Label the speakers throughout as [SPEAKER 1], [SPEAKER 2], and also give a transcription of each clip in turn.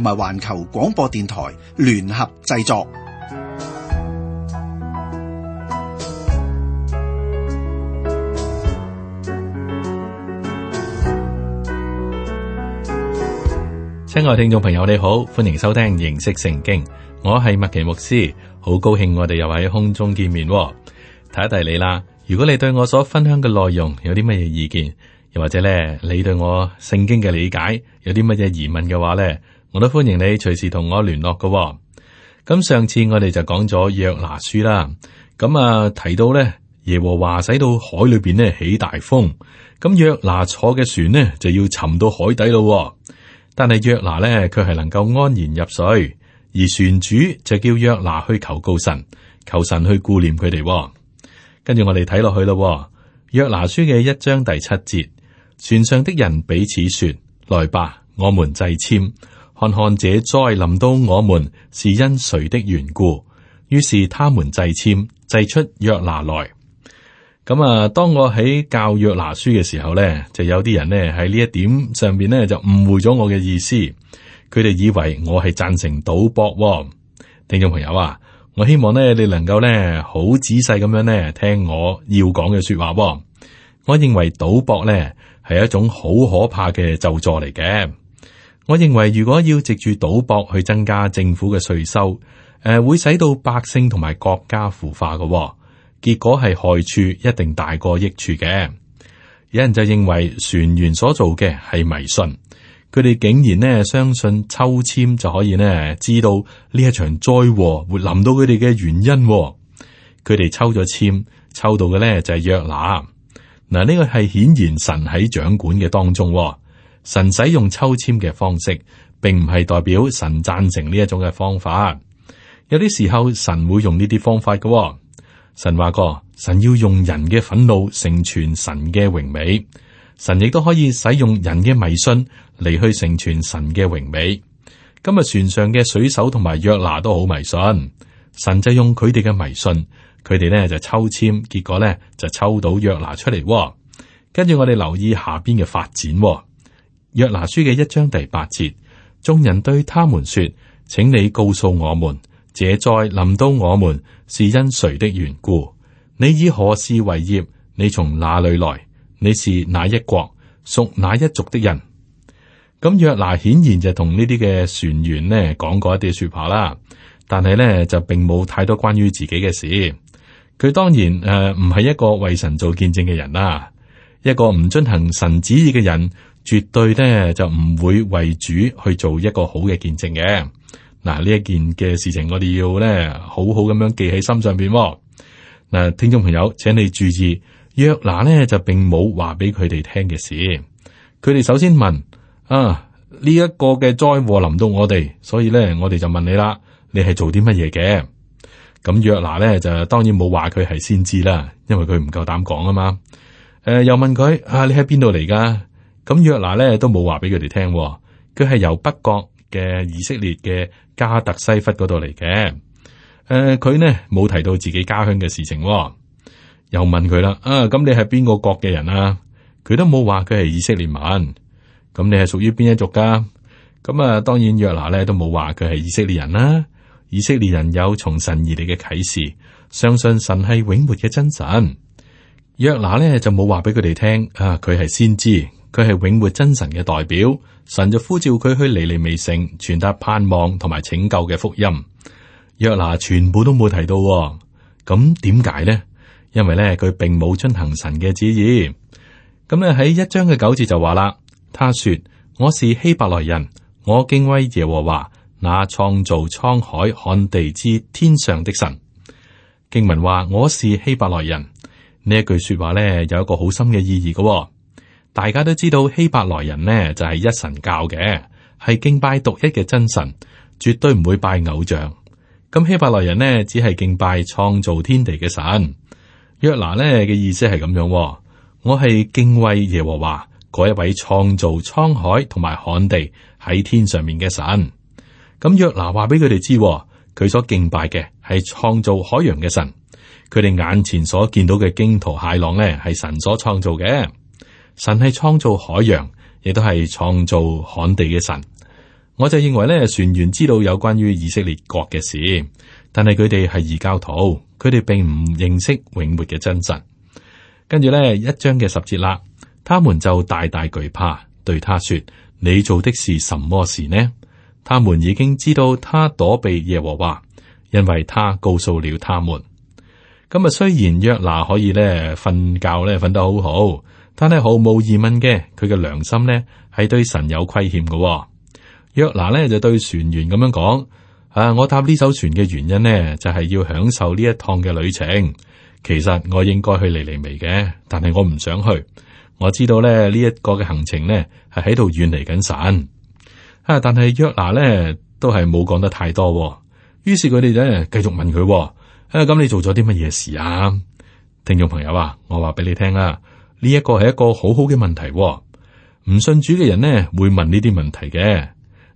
[SPEAKER 1] 同埋環球廣播電台聯合製作。親愛聽眾朋友，你好，歡迎收聽認識聖經。我係麥奇牧師，好高興我哋又喺空中見面。睇一睇你啦，如果你對我所分享嘅內容有啲乜嘢意見，又或者咧，你對我聖經嘅理解有啲乜嘢疑問嘅話咧？我都歡迎你隨時同我聯絡噶、哦。咁上次我哋就講咗約拿書啦。咁啊，提到咧耶和華使到海裏邊咧起大風，咁約拿坐嘅船呢就要沉到海底咯、哦。但係約拿呢，佢係能夠安然入水，而船主就叫約拿去求告神，求神去顧念佢哋、哦。跟住我哋睇落去咯。約拿書嘅一章第七節，船上的人彼此說：來吧，我們掣籤。看看這災臨到我們是因誰的緣故？於是他們掣籤，掣出約拿來。咁啊，當我喺教約拿書嘅時候咧，就有啲人呢喺呢一點上邊呢，就誤會咗我嘅意思。佢哋以為我係贊成賭博，哦。聽眾朋友啊，我希望呢，你能夠呢，好仔細咁樣呢，聽我要講嘅說話。我認為賭博呢，係一種好可怕嘅咒詛嚟嘅。我認為如果要藉住賭博去增加政府嘅稅收，誒、呃，會使到百姓同埋國家腐化嘅、哦，結果係害處一定大過益處嘅。有人就認為船員所做嘅係迷信，佢哋竟然呢，相信抽籤就可以呢，知道呢一場災禍會臨到佢哋嘅原因、哦。佢哋抽咗簽，抽到嘅呢就係約拿，嗱，呢個係顯然神喺掌管嘅當中、哦。神使用抽簽嘅方式，並唔係代表神讚成呢一種嘅方法。有啲時候神會用呢啲方法嘅、哦。神話過，神要用人嘅憤怒成全神嘅榮美。神亦都可以使用人嘅迷信嚟去成全神嘅榮美。今日船上嘅水手同埋約拿都好迷信，神就用佢哋嘅迷信，佢哋呢就抽簽，結果呢就抽到約拿出嚟、哦。跟住我哋留意下邊嘅發展、哦。約拿書嘅一章第八節，眾人對他們說：請你告訴我們，這災臨到我們是因誰的緣故？你以何事為業？你從哪裏來？你是哪一國、屬哪一族的人？咁約拿顯然就同呢啲嘅船員咧講過一啲說話啦，但係呢就並冇太多關於自己嘅事。佢當然誒唔係一個為神做見證嘅人啦，一個唔遵行神旨意嘅人。絕對咧就唔會為主去做一個好嘅見證嘅。嗱，呢一件嘅事情，我哋要咧好好咁樣記喺心上邊嗱。聽眾朋友，請你注意，約拿咧就並冇話俾佢哋聽嘅事。佢哋首先問啊，呢一個嘅災禍臨到我哋，所以咧我哋就問你啦，你係做啲乜嘢嘅？咁約拿咧就當然冇話佢係先知啦，因為佢唔夠膽講啊嘛。誒、呃，又問佢啊，你喺邊度嚟噶？咁約拿咧都冇話俾佢哋聽，佢係由北國嘅以色列嘅加特西弗嗰度嚟嘅。誒、呃，佢呢冇提到自己家鄉嘅事情、哦。又問佢啦，啊，咁你係邊個國嘅人啊？佢都冇話佢係以色列民。咁你係屬於邊一族噶？咁啊，當然約拿咧都冇話佢係以色列人啦、啊。以色列人有從神而嚟嘅啟示，相信神係永活嘅真神。約拿咧就冇話俾佢哋聽，啊，佢係先知。佢係永活真神嘅代表，神就呼召佢去尼尼微城，傳達盼望同埋拯救嘅福音。約拿全部都冇提到、哦，咁點解呢？因為呢佢並冇遵行神嘅旨意。咁呢喺一章嘅九節就話啦，他說：我是希伯來人，我敬畏耶和華那創造滄海旱地之天上的神。經文話：我是希伯來人呢一句說話呢有一個好深嘅意義嘅、哦。大家都知道希伯來人呢，就係、是、一神教嘅，係敬拜獨一嘅真神，絕對唔會拜偶像。咁希伯來人呢，只係敬拜創造天地嘅神。約拿呢嘅意思係咁樣、哦，我係敬畏耶和華嗰一位創造滄海同埋旱地喺天上面嘅神。咁約拿話俾佢哋知，佢所敬拜嘅係創造海洋嘅神。佢哋眼前所見到嘅驚濤駭浪呢，係神所創造嘅。神係創造海洋，亦都係創造旱地嘅神。我就認為咧，船員知道有關於以色列國嘅事，但係佢哋係異教徒，佢哋並唔認識永活嘅真神。跟住咧，一章嘅十節啦，他們就大大懼怕，對他說：你做的是什麼事呢？他們已經知道他躲避耶和華，因為他告訴了他們。咁啊，雖然約拿可以咧瞓覺咧，瞓得好好。但係毫無疑問嘅，佢嘅良心咧係對神有虧欠嘅、哦。約拿咧就對船員咁樣講：啊，我搭呢艘船嘅原因咧就係、是、要享受呢一趟嘅旅程。其實我應該去尼尼微嘅，但係我唔想去。我知道咧呢一、這個嘅行程咧係喺度遠離緊神。啊。但係約拿咧都係冇講得太多、哦。於是佢哋咧繼續問佢、哦：啊，咁你做咗啲乜嘢事啊？聽眾朋友啊，我話俾你聽啊。呢一個係一個好好嘅問題，唔信主嘅人呢會問呢啲問題嘅。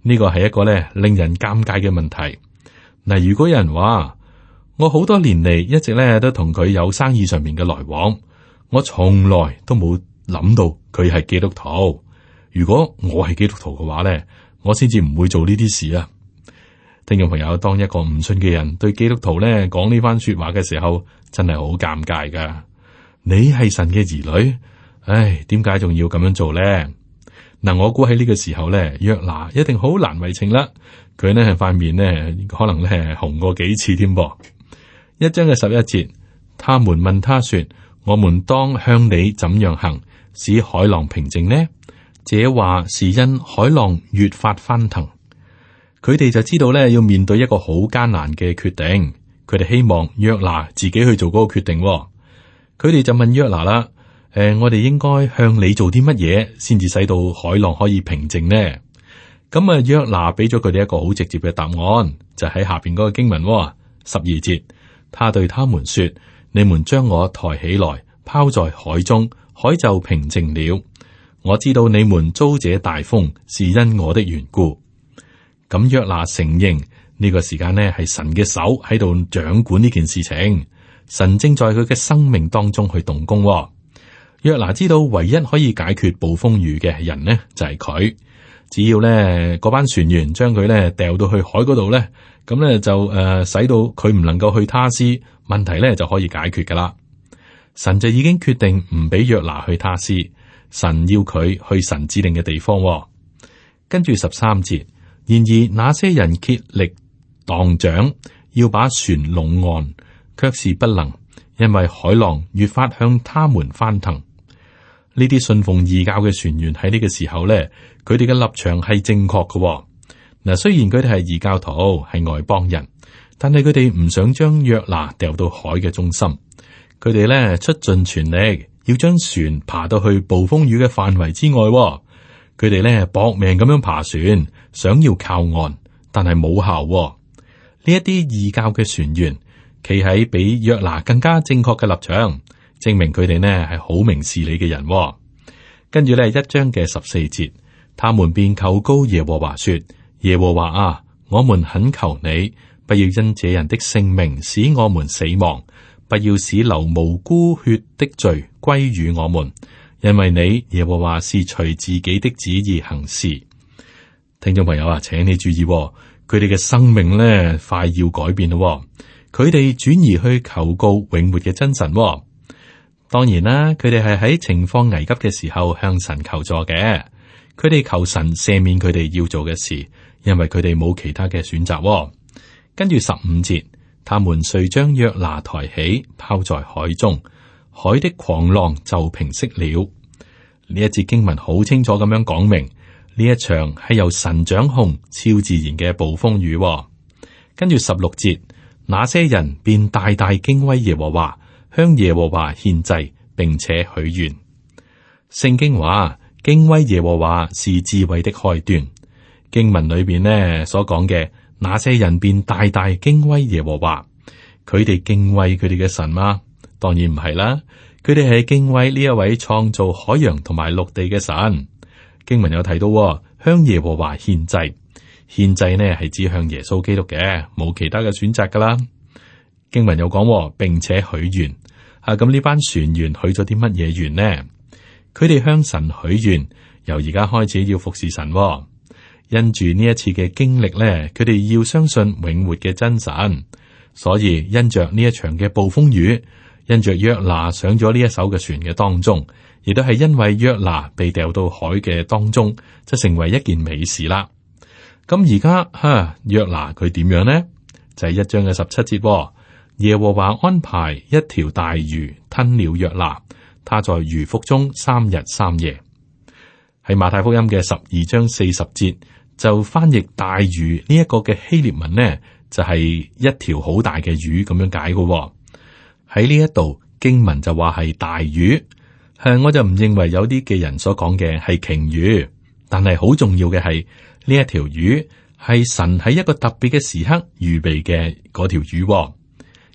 [SPEAKER 1] 呢個係一個咧令人尷尬嘅問題。嗱，如果有人話我好多年嚟，一直咧都同佢有生意上面嘅來往，我從來都冇諗到佢係基督徒。如果我係基督徒嘅話咧，我先至唔會做呢啲事啊！聽眾朋友，當一個唔信嘅人對基督徒咧講呢番說話嘅時候，真係好尷尬噶。你係神嘅兒女，唉，點解仲要咁樣做呢？嗱，我估喺呢個時候咧，約拿一定好難為情啦。佢呢係塊面呢，可能咧係紅過幾次添噃。一章嘅十一節，他們問他說：我們當向你怎樣行，使海浪平靜呢？這話是因海浪越發翻騰，佢哋就知道咧要面對一個好艱難嘅決定。佢哋希望約拿自己去做嗰個決定。佢哋就問約拿啦，誒、呃，我哋應該向你做啲乜嘢，先至使到海浪可以平靜呢？咁啊，約拿俾咗佢哋一個好直接嘅答案，就喺、是、下邊嗰個經文喎、哦，十二節，他對他們說：你們將我抬起來，拋在海中，海就平靜了。我知道你們遭這大風是因我的緣故。咁約拿承認呢個時間呢係神嘅手喺度掌管呢件事情。神正在佢嘅生命當中去動工、哦。約拿知道，唯一可以解決暴風雨嘅人呢，就係、是、佢。只要呢班船員將佢呢掉到去海嗰度呢，咁呢就誒、呃、使到佢唔能夠去他施，問題呢就可以解決噶啦。神就已經決定唔俾約拿去他施，神要佢去神指定嘅地方、哦。跟住十三節，然而那些人竭力蕩槳，要把船弄岸，卻是不能，因為海浪越發向他們翻騰。呢啲信奉異教嘅船員喺呢個時候咧，佢哋嘅立場係正確嘅嗱、哦。雖然佢哋係異教徒，係外邦人，但係佢哋唔想將約拿掉到海嘅中心。佢哋咧出盡全力要將船爬到去暴風雨嘅範圍之外。佢哋咧搏命咁樣爬船，想要靠岸，但係冇效。呢一啲異教嘅船員。企喺比約拿更加正確嘅立場，證明佢哋呢係好明事理嘅人。跟住呢一章嘅十四節，他們便求告耶和華說：耶和華啊，我們懇求你，不要因這人的性命使我們死亡，不要使流無辜血的罪歸於我們，因為你耶和華是隨自己的旨意行事。聽眾朋友啊，請你注意、哦，佢哋嘅生命呢快要改變咯、哦。佢哋轉移去求告永活嘅真神喎，當然啦，佢哋係喺情況危急嘅時候向神求助嘅。佢哋求神赦免佢哋要做嘅事，因為佢哋冇其他嘅選擇喎。跟住十五節，他們遂將約拿抬起，拋在海中，海的狂浪就平息了。呢一節經文好清楚咁樣講明，呢一場係由神掌控超自然嘅暴風雨喎。跟住十六節。那些人便大大敬畏耶和華，向耶和華獻祭，並且許願。聖經話，敬畏耶和華是智慧的開端。經文裏邊呢所講嘅那些人便大大敬畏耶和華，佢哋敬畏佢哋嘅神嗎？當然唔係啦，佢哋係敬畏呢一位創造海洋同埋陸地嘅神。經文有提到，向耶和華獻祭。獻祭呢係指向耶穌基督嘅，冇其他嘅選擇噶啦。經文又講、哦，並且許願啊。咁呢班船員許咗啲乜嘢願呢？佢哋向神許願，由而家開始要服侍神、哦。因住呢一次嘅經歷呢，佢哋要相信永活嘅真神。所以因着呢一場嘅暴風雨，因着約拿上咗呢一艘嘅船嘅當中，亦都係因為約拿被掉到海嘅當中，就成為一件美事啦。咁而家吓，約拿佢點樣呢？就係、是、一章嘅十七節、哦，耶和華安排一條大魚吞了約拿,他在魚腹中三日三夜。喺馬太福音嘅十二章四十節就翻譯大魚呢一個嘅希臘文呢，就係、是、一條好大嘅魚咁樣解嘅喎、哦。喺呢一度經文就話係大魚，係我就唔認為有啲嘅人所講嘅係鯨魚，但係好重要嘅係。呢一條魚係神喺一個特別嘅時刻預備嘅，嗰條魚哦，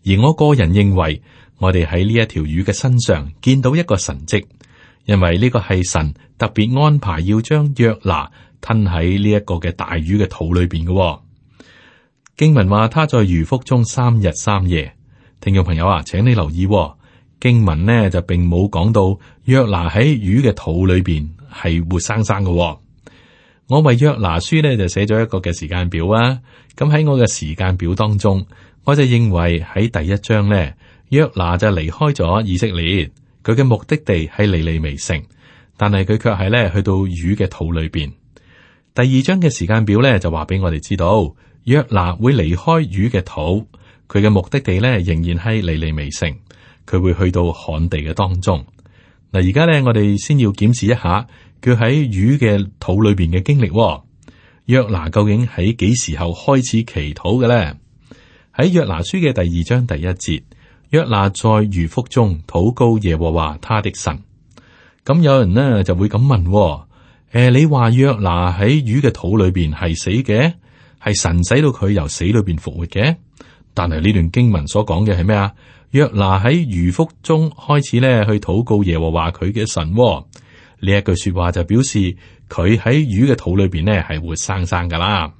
[SPEAKER 1] 而我個人認為，我哋喺呢一條魚嘅身上見到一個神跡，因為呢個係神特別安排要將約拿吞喺呢一個嘅大魚嘅肚裏邊嘅哦。經文話，他在魚腹中三日三夜。聽眾朋友啊，請你留意哦。經文呢就並冇講到約拿喺魚嘅肚裏邊係活生生嘅哦。我為約拿書咧就寫咗一個嘅時間表啊，咁喺我嘅時間表當中，我就認為喺第一章呢，約拿就離開咗以色列，佢嘅目的地喺尼尼微城。但係佢卻係咧去到魚嘅肚裏邊。第二章嘅時間表咧就話俾我哋知道，約拿會離開魚嘅肚，佢嘅目的地咧仍然喺尼尼微城。佢會去到旱地嘅當中。嗱，而家咧我哋先要檢視一下。佢喺魚嘅肚裏邊嘅經歷、哦，約拿究竟喺幾時候開始祈禱嘅咧？喺約拿書嘅第二章第一節，約拿在魚腹中禱告耶和華他的神。咁有人呢就會咁問、哦：誒，你話約拿喺魚嘅肚裏邊係死嘅，係神使到佢由死裏邊復活嘅？但係呢段經文所講嘅係咩啊？約拿喺魚腹中開始呢去禱告耶和華佢嘅神、哦。呢一句說話就表示佢喺魚嘅肚裏邊咧係活生生噶啦，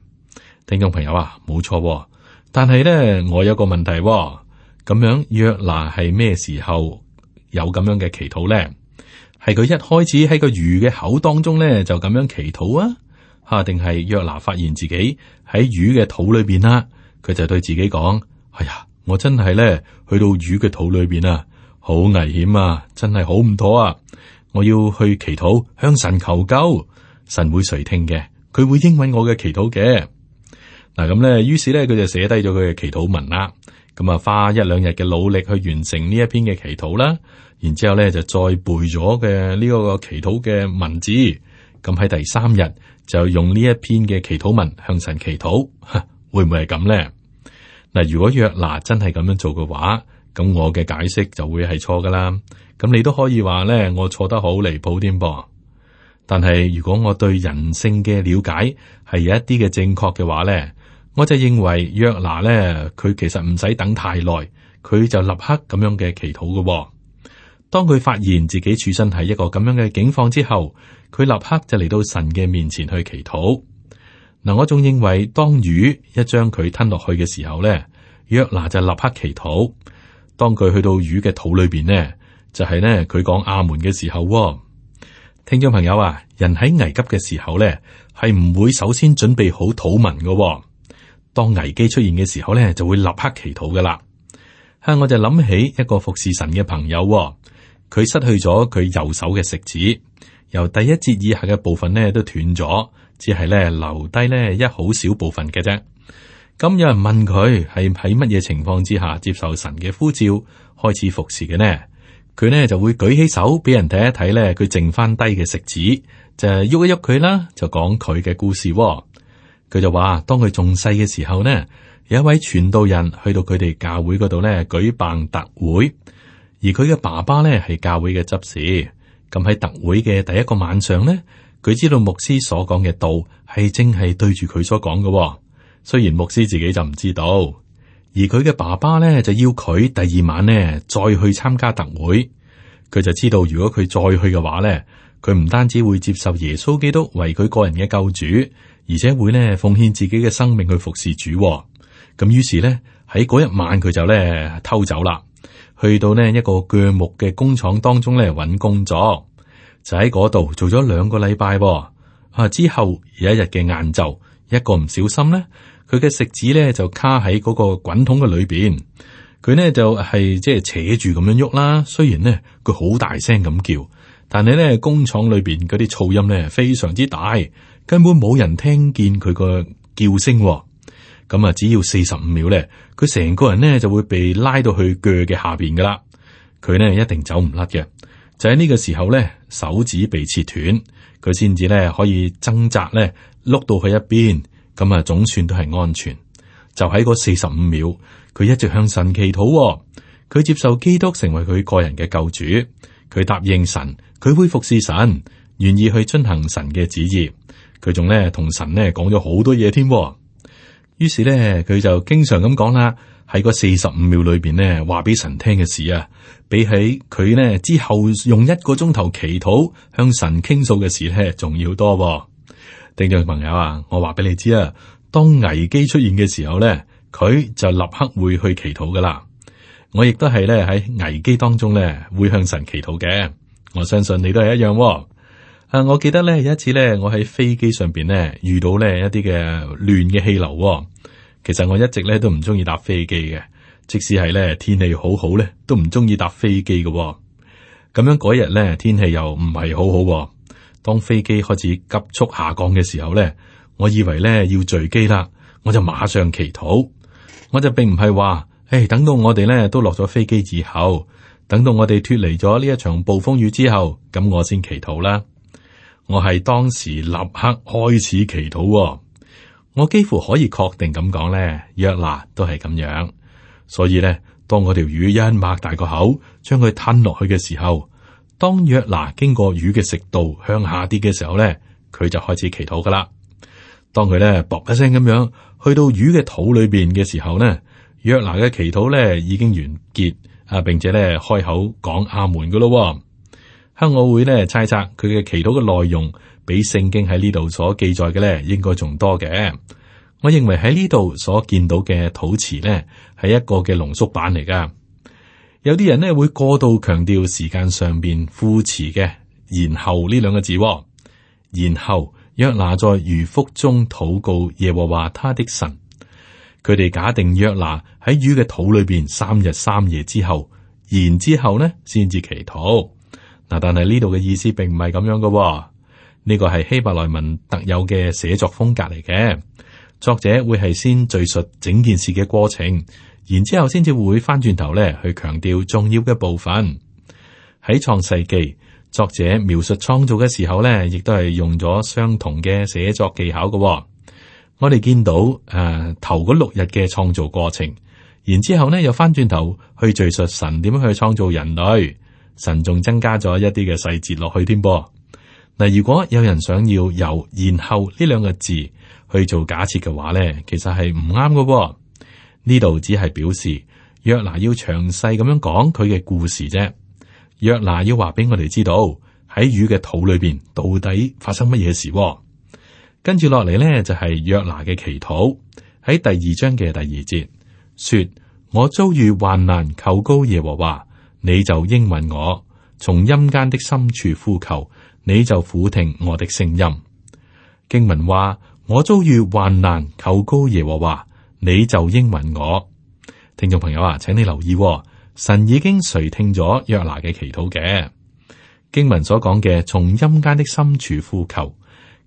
[SPEAKER 1] 聽眾朋友啊，冇錯，但係咧我有個問題，咁樣約拿係咩時候有咁樣嘅祈禱咧？係佢一開始喺個魚嘅口當中咧就咁樣祈禱啊？吓，定係約拿發現自己喺魚嘅肚裏邊啦，佢就對自己講：哎呀，我真係咧去到魚嘅肚裏邊啊，好危險啊，真係好唔妥啊！我要去祈禱，向神求救，神會垂聽嘅，佢會應允我嘅祈禱嘅。嗱咁咧，於是咧佢就寫低咗佢嘅祈禱文啦。咁啊，花一兩日嘅努力去完成呢一篇嘅祈禱啦。然之後咧就再背咗嘅呢一個祈禱嘅文字。咁喺第三日就用呢一篇嘅祈禱文向神祈禱，會唔會係咁咧？嗱，如果約拿真係咁樣做嘅話。咁我嘅解釋就會係錯噶啦。咁你都可以話咧，我錯得好離譜添噃。但係如果我對人性嘅了解係有一啲嘅正確嘅話咧，我就認為約拿咧，佢其實唔使等太耐，佢就立刻咁樣嘅祈禱嘅喎。當佢發現自己處身喺一個咁樣嘅境況之後，佢立刻就嚟到神嘅面前去祈禱嗱。我仲認為，當魚一將佢吞落去嘅時候咧，約拿就立刻祈禱。當佢去到魚嘅肚裏邊呢，就係呢，佢講阿門嘅時候，聽眾朋友啊，人喺危急嘅時候呢，係唔會首先準備好禱文嘅。當危機出現嘅時候呢，就會立刻祈禱噶啦。吓，我就諗起一個服侍神嘅朋友，佢失去咗佢右手嘅食指，由第一節以下嘅部分呢都斷咗，只係呢留低呢一好少部分嘅啫。咁有人問佢係喺乜嘢情況之下接受神嘅呼召，開始服侍嘅呢？佢呢就會舉起手俾人睇一睇咧，佢剩翻低嘅食指就喐一喐佢啦，就講佢嘅故事、哦。佢就話，當佢仲細嘅時候呢，有一位傳道人去到佢哋教會嗰度咧舉辦特會，而佢嘅爸爸咧係教會嘅執事。咁喺特會嘅第一個晚上呢，佢知道牧師所講嘅道係正係對住佢所講嘅、哦。雖然牧師自己就唔知道，而佢嘅爸爸咧就要佢第二晚咧再去參加特會，佢就知道如果佢再去嘅話咧，佢唔單止會接受耶穌基督為佢個人嘅救主，而且會呢，奉獻自己嘅生命去服侍主喎。咁於是咧，喺嗰一晚佢就咧偷走啦，去到呢一個鋸木嘅工廠當中咧揾工作，就喺嗰度做咗兩個禮拜喎。啊，之後有一日嘅晏晝，一個唔小心咧。佢嘅食指咧就卡喺嗰個滾筒嘅裏邊，佢咧就係即係扯住咁樣喐啦。雖然咧佢好大聲咁叫，但係咧工廠裏邊嗰啲噪音咧非常之大，根本冇人聽見佢個叫聲。咁啊，只要四十五秒咧，佢成個人咧就會被拉到去鋸嘅下邊噶啦。佢咧一定走唔甩嘅。就喺呢個時候咧，手指被切斷，佢先至咧可以掙扎咧碌到去一邊。咁啊，總算都係安全。就喺嗰四十五秒，佢一直向神祈禱，佢接受基督成為佢個人嘅救主。佢答應神，佢會服侍神，願意去遵行神嘅旨意。佢仲咧同神咧講咗好多嘢添。於是咧，佢就經常咁講啦。喺嗰四十五秒裏邊呢，話俾神聽嘅事啊，比起佢呢之後用一個鐘頭祈禱向神傾訴嘅事呢，仲要多。聽眾朋友啊，我話俾你知啊，當危機出現嘅時候咧，佢就立刻會去祈禱噶啦。我亦都係咧喺危機當中咧，會向神祈禱嘅。我相信你都係一樣。啊，我記得咧有一次咧，我喺飛機上邊咧遇到咧一啲嘅亂嘅氣流。其實我一直咧都唔中意搭飛機嘅，即使係咧天氣好好咧，都唔中意搭飛機嘅。咁樣嗰日咧天氣又唔係好好。當飛機開始急速下降嘅時候咧，我以為咧要墜機啦，我就馬上祈禱。我就並唔係話，誒、哎，等到我哋咧都落咗飛機之後，等到我哋脫離咗呢一場暴風雨之後，咁我先祈禱啦。我係當時立刻開始祈禱。我幾乎可以確定咁講咧，約拿都係咁樣。所以咧，當嗰條魚一擘大個口，將佢吞落去嘅時候。當約拿經過魚嘅食道向下跌嘅時候咧，佢就開始祈禱噶啦。當佢咧卜一聲咁樣去到魚嘅肚裏邊嘅時候呢，約拿嘅祈禱咧已經完結啊，並且咧開口講阿門噶咯。香我會咧猜測佢嘅祈禱嘅內容比聖經喺呢度所記載嘅咧應該仲多嘅。我認為喺呢度所見到嘅禱詞咧係一個嘅濃縮版嚟噶。有啲人咧會過度強調時間上邊副詞嘅然後呢兩個字、哦，然後約拿在魚腹中禱告耶和華他的神。佢哋假定約拿喺魚嘅肚裏邊三日三夜之後，然之後咧先至祈禱。嗱，但係呢度嘅意思並唔係咁樣噶、哦，呢、呢個係希伯來文特有嘅寫作風格嚟嘅。作者會係先敘述整件事嘅過程。然之後先至會翻轉頭咧，去強調重要嘅部分。喺創世記作者描述創造嘅時候咧，亦都係用咗相同嘅寫作技巧嘅。我哋見到誒頭嗰六日嘅創造過程，然之後咧又翻轉頭去敘述神點樣去創造人類，神仲增加咗一啲嘅細節落去添噃。嗱，如果有人想要由然後呢兩個字去做假設嘅話咧，其實係唔啱嘅。呢度只係表示約拿要詳細咁樣講佢嘅故事啫。約拿要話俾我哋知道喺魚嘅肚裏邊到底發生乜嘢事，哦。跟住落嚟呢，就係、是、約拿嘅祈禱，喺第二章嘅第二節，說：我遭遇患難，求告耶和華，你就應允我，從陰間的深處呼求，你就俯聽我的聲音。經文話：我遭遇患難，求告耶和華。你就應允我，聽眾朋友啊，請你留意、哦，神已經垂聽咗約拿嘅祈禱嘅經文所講嘅從陰間的深處呼求，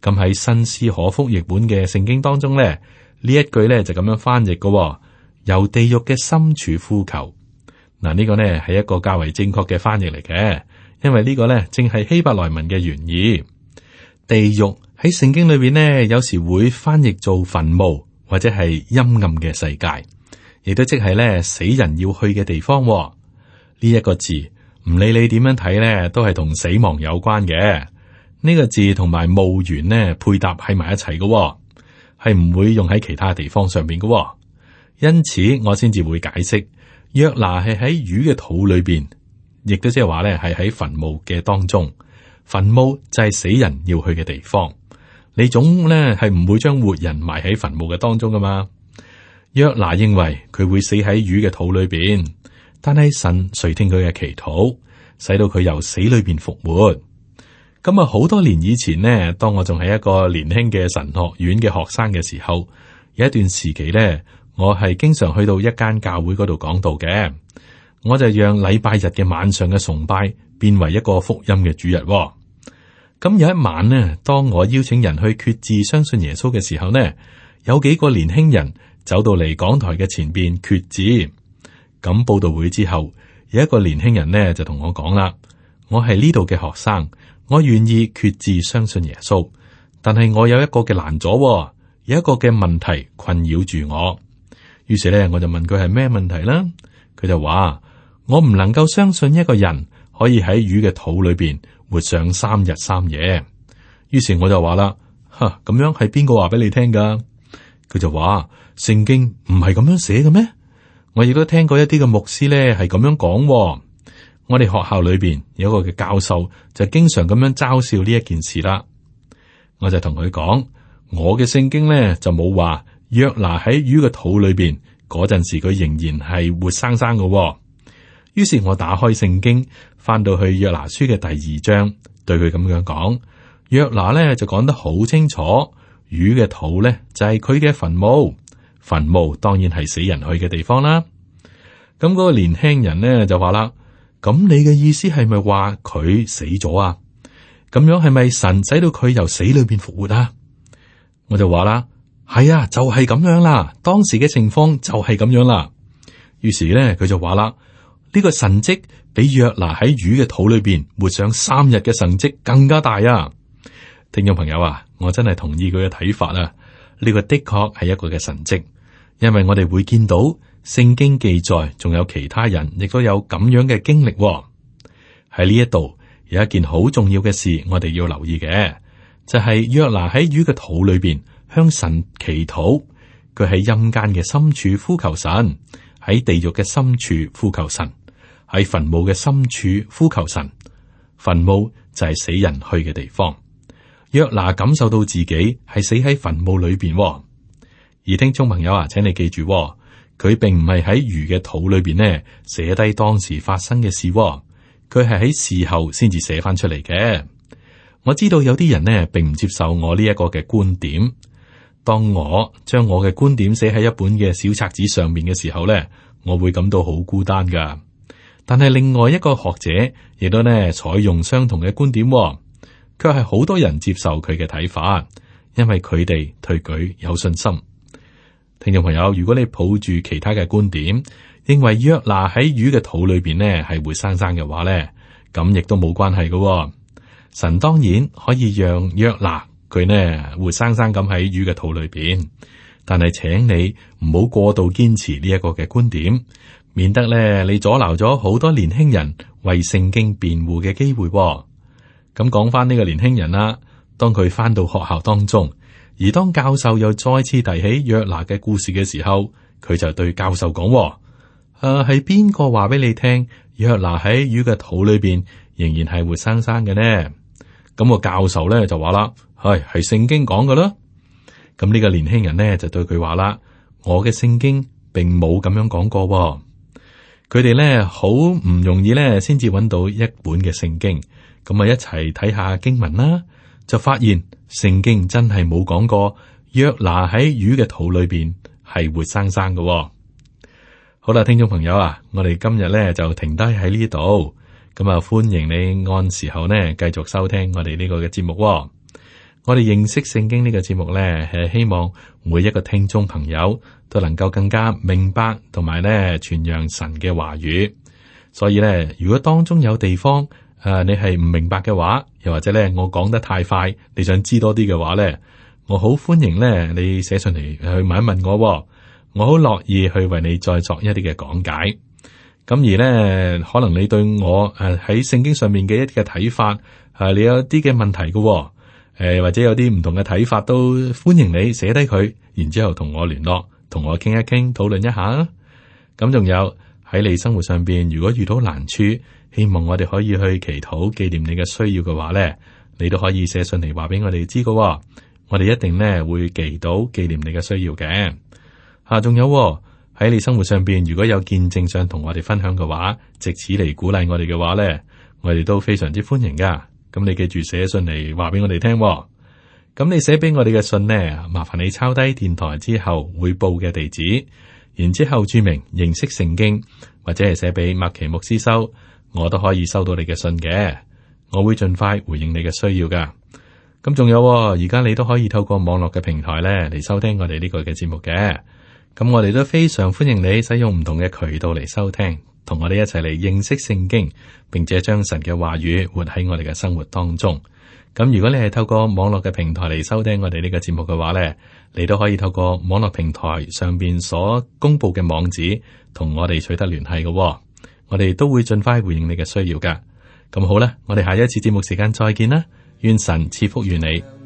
[SPEAKER 1] 咁喺新斯可福譯本嘅聖經當中咧，呢一句咧就咁樣翻譯嘅、哦，由地獄嘅深處呼求，嗱、這、呢個呢係一個較為正確嘅翻譯嚟嘅，因為呢個咧正係希伯來文嘅原意，地獄喺聖經裏邊呢，有時會翻譯做墳墓。或者係陰暗嘅世界，亦都即係咧死人要去嘅地方。呢、這、一個字唔理你點樣睇咧，都係同死亡有關嘅。呢、這個字同埋墓園咧配搭喺埋一齊嘅，係唔會用喺其他地方上邊嘅。因此我先至會解釋，約拿係喺魚嘅肚裏邊，亦都即係話咧係喺墳墓嘅當中，墳墓，墓就係死人要去嘅地方。你總咧係唔會將活人埋喺墳墓嘅當中噶嘛？約拿認為佢會死喺魚嘅肚裏邊，但係神垂聽佢嘅祈禱，使到佢由死裏邊復活。咁啊，好多年以前呢，當我仲係一個年輕嘅神學院嘅學生嘅時候，有一段時期咧，我係經常去到一間教會嗰度講道嘅，我就讓禮拜日嘅晚上嘅崇拜變為一個福音嘅主日哦。咁有一晚呢，當我邀請人去決志相信耶穌嘅時候呢，有幾個年輕人走到嚟講台嘅前邊決志。咁佈道會之後，有一個年輕人呢就同我講啦：，我係呢度嘅學生，我願意決志相信耶穌，但係我有一個嘅難咗，有一個嘅問題困擾住我。於是呢，我就問佢係咩問題啦。佢就話：，我唔能夠相信一個人可以喺魚嘅肚裏邊活上三日三夜，於是我就話啦，哈，咁樣係邊個話俾你聽噶？佢就話，聖經唔係咁樣寫嘅咩？我亦都聽過一啲嘅牧師咧係咁樣講，我哋學校裏邊有一個嘅教授，就經常咁樣嘲笑呢一件事啦。我就同佢講，我嘅聖經咧就冇話約拿喺魚嘅肚裏邊嗰陣時，佢仍然係活生生嘅。於是我打開聖經。翻到去約拿書嘅第二章，對佢咁樣講，約拿咧就講得好清楚，魚嘅肚咧就係佢嘅墳墓，墳墓當然係死人去嘅地方啦。咁嗰個年輕人咧就話啦：咁你嘅意思係咪話佢死咗啊？咁樣係咪神使到佢由死裏邊復活啊？我就話啦：係啊，就係咁樣啦。當時嘅情況就係咁樣啦。於是咧佢就話啦：呢個神蹟。比約拿喺魚嘅肚裏邊活上三日嘅神蹟更加大啊！聽眾朋友啊，我真係同意佢嘅睇法啊。呢個的確係一個嘅神蹟，因為我哋會見到聖經記載，仲有其他人亦都有咁樣嘅經歷。喺呢一度有一件好重要嘅事，我哋要留意嘅就係約拿喺魚嘅肚裏邊向神祈禱，佢喺陰間嘅深處呼求神，喺地獄嘅深處呼求神。喺墳墓嘅深處呼求神。墳墓就係死人去嘅地方。約拿感受到自己係死喺墳墓裏邊。而聽眾朋友啊，請你記住，佢並唔係喺魚嘅肚裏邊呢，寫低當時發生嘅事。佢係喺事後先至寫返出嚟嘅。我知道有啲人呢，並唔接受我呢一個嘅觀點。當我將我嘅觀點寫喺一本嘅小冊子上面嘅時候呢，我會感到好孤單㗎。但係另外一個學者亦都呢，採用相同嘅觀點，哦，卻係好多人接受佢嘅睇法，因為佢哋對佢有信心。聽眾朋友，如果你抱住其他嘅觀點，認為約拿喺魚嘅肚裏邊呢係活生生嘅話咧，咁亦都冇關係嘅，哦。神當然可以讓約拿佢呢活生生咁喺魚嘅肚裏邊，但係請你唔好過度堅持呢一個嘅觀點。免得咧，你阻撓咗好多年輕人為聖經辯護嘅機會。咁講返呢個年輕人啦，當佢返到學校當中，而當教授又再次提起約拿嘅故事嘅時候，佢就對教授講：誒、啊，係邊個話俾你聽？約拿喺魚嘅肚裏邊仍然係活生生嘅呢？咁個教授咧就話啦：係、哎、係聖經講嘅咯。咁、這、呢個年輕人咧就對佢話啦：我嘅聖經並冇咁樣講過。佢哋咧好唔容易咧，先至揾到一本嘅聖經，咁啊一齊睇下經文啦，就發現聖經真係冇講過約拿喺魚嘅肚裏邊係活生生嘅，哦。好啦，聽眾朋友啊，我哋今日咧就停低喺呢度，咁啊歡迎你按時候咧繼續收聽我哋呢個嘅節目，哦。我哋認識聖經呢、呢個節目呢，係希望每一個聽眾朋友都能夠更加明白，同埋呢，傳揚神嘅話語。所以呢，如果當中有地方誒、啊，你係唔明白嘅話，又或者呢，我講得太快，你想知多啲嘅話呢，我好歡迎呢，你寫上嚟去問一問我。我好樂意去為你再作一啲嘅講解。咁而呢，可能你對我誒喺、啊、聖經上面嘅一啲嘅睇法誒、啊，你有啲嘅問題嘅。誒，或者有啲唔同嘅睇法都歡迎你寫低佢，然之後同我聯絡，同我傾一傾，討論一下啦。咁仲有喺你生活上邊，如果遇到難處，希望我哋可以去祈禱紀念你嘅需要嘅話呢，你都可以寫信嚟話俾我哋知嘅。我哋一定呢會祈禱紀念你嘅需要嘅。吓，仲有喺你生活上邊，如果有見證想同我哋分享嘅話，借此嚟鼓勵我哋嘅話呢，我哋都非常之歡迎噶。咁你記住寫信嚟話俾我哋聽，咁你寫俾我哋嘅信呢，麻煩你抄低電台之後會報嘅地址，然之後注明認識聖經或者係寫俾麥奇牧師收，我都可以收到你嘅信嘅，我會盡快回應你嘅需要噶。咁仲有，而家你都可以透過網絡嘅平台呢嚟收聽我哋呢個嘅節目嘅，咁我哋都非常歡迎你使用唔同嘅渠道嚟收聽。同我哋一齊嚟認識聖經，並且將神嘅話語活喺我哋嘅生活當中。咁如果你係透過網絡嘅平台嚟收聽我哋呢個節目嘅話呢，你都可以透過網絡平台上邊所公布嘅網址，同我哋取得聯繫嘅喎。我哋都會盡快回應你嘅需要噶。咁好啦，我哋下一次節目時間再見啦，願神賜福與你。